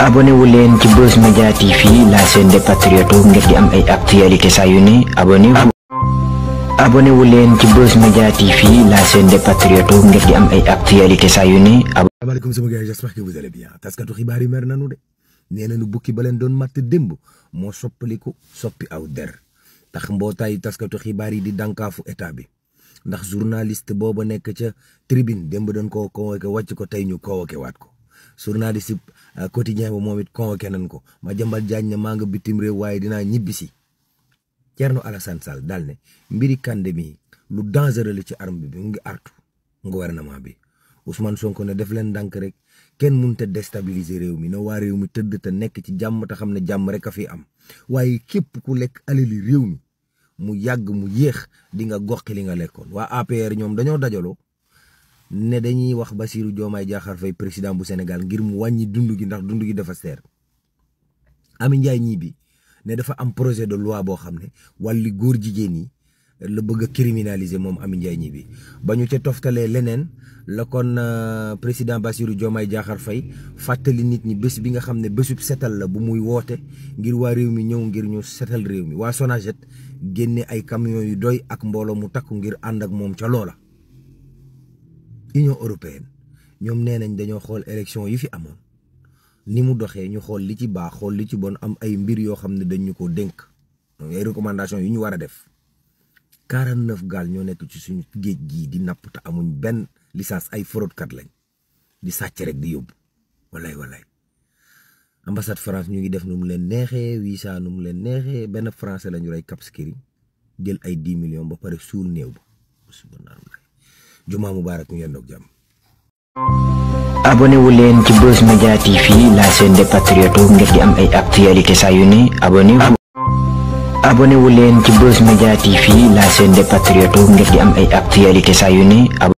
abonné wu leen ci Buzz Media TV la chaîne des patriotes ngir di am ay actualité saa yu ne abonné wu. abonné ci Buzz Media TV la chaîne des patriotes ngir di am ay actualité saa yu ne. asalaamaaleykum sama gars j'espère que vous allez bien taskatu xibaar yi mer nanu de nee nañu bukki ba leen doon matt démb moo soppaliku soppi aw der tax mbootaayu taskatu xibaar yi di dànkaafu état bi. ndax journaliste boobu nekk ca tribune démb doon ko convoqué wàcc ko tey ñu convoqué waat ko journaliste euh, quotidien ba moom it convoqué nañ ko ma jambal jaañ ne maa nga bitim réew waaye dinaa ñibbi si Thierno Alassane Sall daal ne mbiri Kandé mi lu dangereux la ci arme bi mu ngi artu gouvernement bi Ousmane Sonko ne def leen ndànk rek kenn mënut a déstabiliser réew mi na waa réew mi tëdd te nekk ci jàmm te xam ne jàmm rek a fi am waaye képp ku lekk alali réew mi mu yàgg mu yéex di nga gox li nga lekkoon waa APR ñoom dañoo dajaloo. ne dañuy wax Bassirou joomay Diakhar fay président bu Sénégal ngir mu wàññi dund gi ndax dund gi dafa seer Amy Ndiaye ñii bi ne dafa am projet de loi boo xam ne walli góor jigéen yi la bëgg a criminaliser moom am Ndiaye ñii bi ba ñu ca toftalee leneen la kon euh, président Bassirou joomay Diakhar fay fàttali nit ñi bés bi nga xam ne bésub setal la bu muy woote ngir waa réew mi ñëw ngir ñu setal réew mi waa Sonaget génne ay camions yu doy ak mbooloo mu takku ngir ànd ak moom ca loola. union européenne ñoom nee nañ dañoo xool élection yi fi amoon ni mu doxee ñu xool li ci baax xool li ci bon am ay mbir yoo xam ne dañ ñu ko dénk ay recommandation yu ñu war a def 49 gaal ñoo nekk ci suñu géej gii di napp te amuñ benn licence ay fraudekat lañ di sàcc rek di yóbbu walay walay ambassade France ñu ngi def nu mu leen neexee visa nu mu leen neexee benn français la ñu rey Cap Skirring jël ay 10 millions ba pare suul néew ba jumaa mubaarak ñu yendoog jàmm abonné wu leen ci Buzz Media TV la chaîne des patriotes ngir di am ay actualité saa yu ne abonné wu abonné wu leen ci Buzz Media TV la chaîne des patriotes ngir di am ay actualité saa yu ne